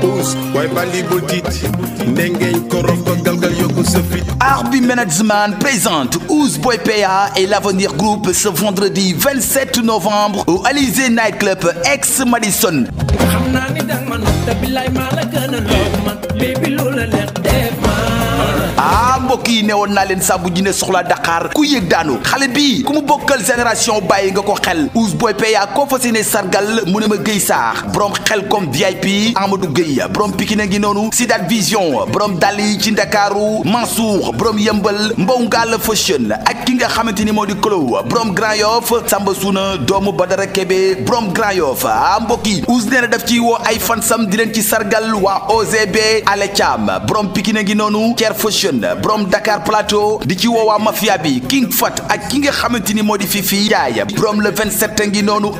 tous waaye bali bu tiit ndengeñ ko rof ba galgal yokku sa fit Management présente Ouz Boy PA et l'Avenir Group ce vendredi novembre au Alizé Night ex Madison mbokk yi newoon naa leen Sambou Djinné soxla Dakar ku yëg daanu xale bii ku mu bokkal génération bàyyi nga ko xel Ouz Boy Peya koo fas yéene sargal mu ne ma Guèye Sarr borom xel comme VIP Amadou Guèye borom Pikine ngi noonu si Sidat Vision borom dàll yi ci Ndakaaru Mansour borom yëmbal Mbow Ngalla Fashion ak ki nga xamante ni moo di Kolo borom Grand Yoff Samba Souna doomu Badara Kébé borom Grand Yoff ah mbokk yi Ouz nee na daf ciy woo ay fansam di leen ci sargal waa OZB Ale borom Dakar Plateau di ci woowaa mafia bi King Fat ak ki nga xamante ni moo di Fifi Ndiaye borom le 27 ngi noonu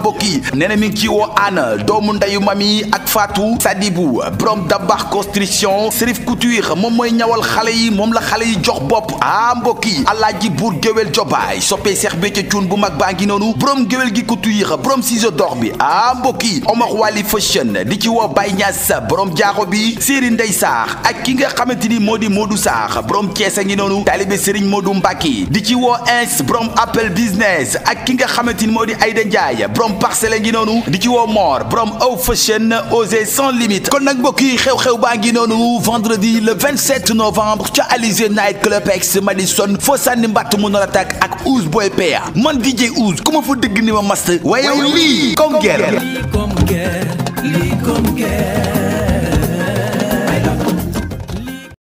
mbokk yi nee mi ngi ci woo Anna doomu ndeyu mami ak Fatou Sadibou borom Dabax construction Serif Couture moom mooy ñawal xale yi moom la xale yi jox bopp ah mbokk yi Alaaji Buur Géwél Jobaay soppee Seex Béthio Thioune bu mag baa ngi noonu borom géwél gi Couture borom ciseau d'or bi ah mbokk yi Omar Wali Fashion di ci woo Baye Niass borom jaaxo bi Serigne Ndey Saax ak ki nga xamante ni moo di Modou Saax borom Cees ngi noonu taalibe Serigne Modou Mbacke di ci woo ins borom Apple business ak ki nga xamante ni moo di Aïda Ndiaye borom parcelle a ngi noonu di ci woo Mor borom aw fashion osé sans limite kon nag mbokk yi xew-xew baa ngi noonu vendredi le 27 novembre ca Alizé night club ex Madison foo sànni mbatt mu nar a tàkk ak Ouz Boy Pea man jee Ouz ku ma fa dëgg ni ma mast waaye lii comme guerre